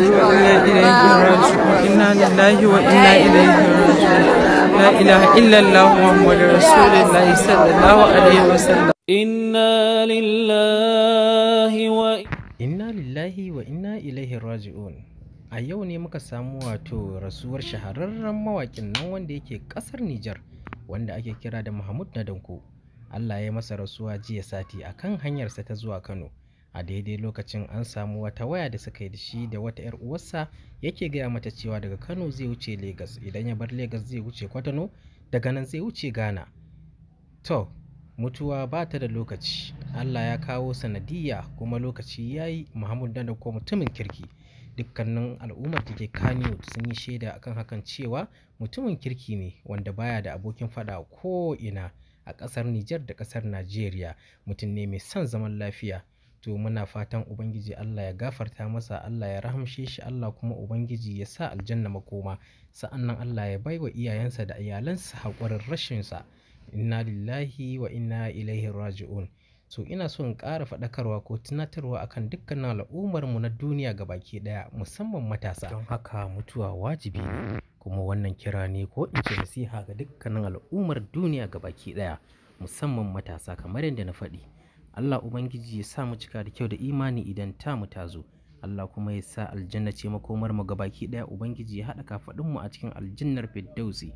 lillahi raji'un lillahi wa a yau ne muka samu wato rasuwar shahararren mawakin nan wanda yake kasar Nijar wanda ake kira da Mahmud Nadanko Allah ya masa rasuwa jiya sati a kan hanyarsa ta zuwa Kano a daidai lokacin an samu wata waya da suka yi da shi da wata 'yar uwarsa yake gaya mata cewa daga kano zai wuce Legas, idan ya bar Legas zai wuce kwatano daga nan zai wuce ghana to mutuwa ba ta da lokaci allah ya kawo sanadiyya kuma lokaci ya yi muhammadu danda ko mutumin kirki dukkanin al'ummar da ke kano sun yi shaida akan hakan cewa mutumin kirki ne wanda baya da abokin fada ko ina a kasar nijar da kasar najeriya mutum ne mai son zaman lafiya To muna fatan Ubangiji Allah ya gafarta masa, Allah ya rahamshe shi, Allah kuma Ubangiji ya sa aljanna makoma. Sa'annan Allah ya baiwa iyayensa da iyalansa haƙurin sa Inna lillahi wa inna ilaihi raji'un. To ina so in ƙara faɗakarwa ko tunatarwa akan al'ummar mu na duniya ga baki ɗaya musamman matasa. Don haka mutuwa wajibi ne kuma wannan kira ne ko in ce nasiha ga dukkanin al'ummar duniya ga baki ɗaya musamman matasa kamar yadda na faɗi. Allah Ubangiji ya sa mu cika da kyau da imani idan ta mu ta zo. Allah kuma ya sa aljanna ce makomar mu gabaki ɗaya Ubangiji ya haɗa kafaɗin mu a cikin aljannar Firdausi.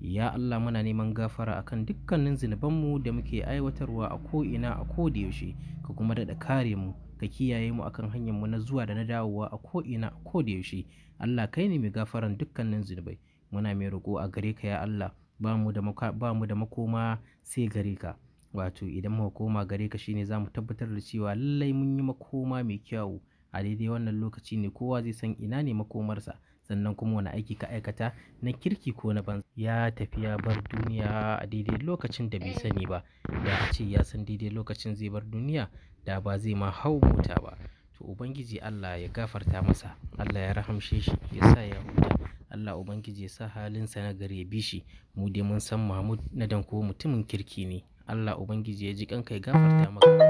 Ya Allah muna neman gafara akan dukkanin mu da muke aiwatarwa a ko'ina a ko da yaushe ka kuma daɗa kare mu ka kiyaye mu akan hanyar mu na zuwa da na dawowa a ko'ina a ko da yaushe Allah kai ne mai gafaran dukkanin zunubai muna mai roƙo a gare ka ya Allah ba mu da makoma sai gare ka wato idan muka koma gare ka shine za mu tabbatar da cewa lallai mun yi makoma mai kyawu a daidai wannan lokaci ne kowa zai san ina ne makomarsa sannan kuma wani aiki ka aikata na kirki ko na banza ya tafi ya bar duniya a daidai lokacin da bai sani ba da a ce ya san daidai lokacin zai bar duniya da ba zai ma hau mota ba to ubangiji Allah ya gafarta masa Allah ya rahamshe shi ya sa ya huta Allah ubangiji ya sa halinsa na gare ya shi mu dai mun san Mahmud na danko mutumin kirki ne Allah Ubangiji ya ji kanka ya gafarta maka mun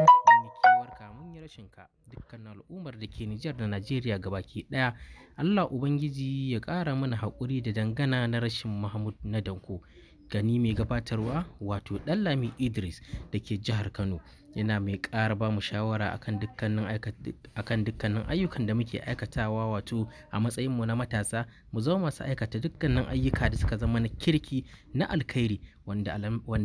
yi kewarka mun yi rashin ka dukkan al'ummar da ke Nijar da Najeriya gabaki daya Allah Ubangiji ya kara mana haƙuri da dangana na rashin Mahmud na Danko gani mai gabatarwa wato Ɗanlami Idris da ke jihar Kano yana mai ƙara ba mu shawara akan dukkanin ayyukan da muke aikatawa wato a matsayin mu na matasa mu zama masu aikata dukkanin ayyuka da suka zama na kirki na alkhairi wanda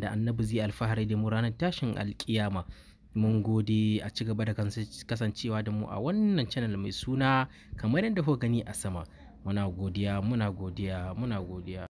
annabi zai alfahari da mu ranar tashin alkiyama mun gode a ci gaba da kasancewa da mu a wannan channel mai suna kamar yadda gani a sama muna godiya muna godiya muna godiya